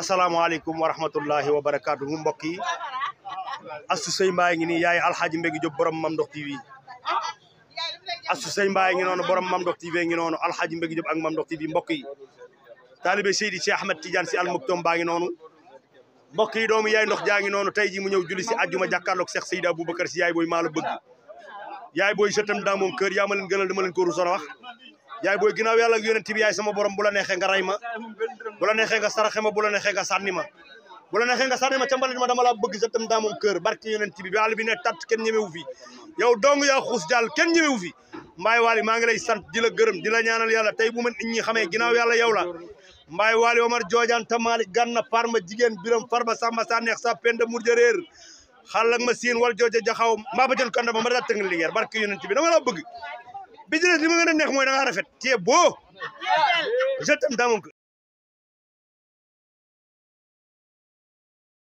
asalaamaaleykum wa rahmatullahi wa barakaatu mu mbokk yi Astou Seye ngi nii yaay alxaaji Mbégi Diop borom Mame Ndokh TV Astou Seye Mbaye ngi noonu borom mam ndox TV ngi noonu alxaaji Mbégi Diop ak Mame Ndokh TV mbokk yi taalibe Seydi Cheikh Ahmed Tidiane si almuktoom baa ngi noonu mbokk yi doomu yaay ndox jaa ngi noonu tey ji mu ñëw julli si àjjuma jàkkaarloog Cheikh Seydi Aboubacar si yaay booy maa la bëgg yaay booy jëtam daa moom kër yaa ma leen gënal wax yaay booy ginnaaw yàlla ak yonent bi yaay sama borom bu la neexee nga ray ma bu la neexee nga saraxe ma bu la neexee nga sanni ma bu la neexee nga sànni ma ca mbalit ma dama laa bëgg sa tam daa moom kër barke yonent bi bi àll bi ne tat kenn ñemewu fi yow dong yaa xuus daal kenn ñemewu fi mbaay waali maa ngi lay sant di la gërëm di ñaanal yalla tey bu ma nit xamee ginaaw yàlla yow la mbaay waali omar joojaan tamaali ganna parma jigéen biram farba samba sa neex sa penda murja réer xàllak ma siin wal jooja jaxaw mbaa ba jël kandama ma daa tëngal liggéer barke yonent bi dama laa bëgg bi ci des li ma gën a neex mooy da ngaa rafet. tu es beau. je t'aime dans mon cœur.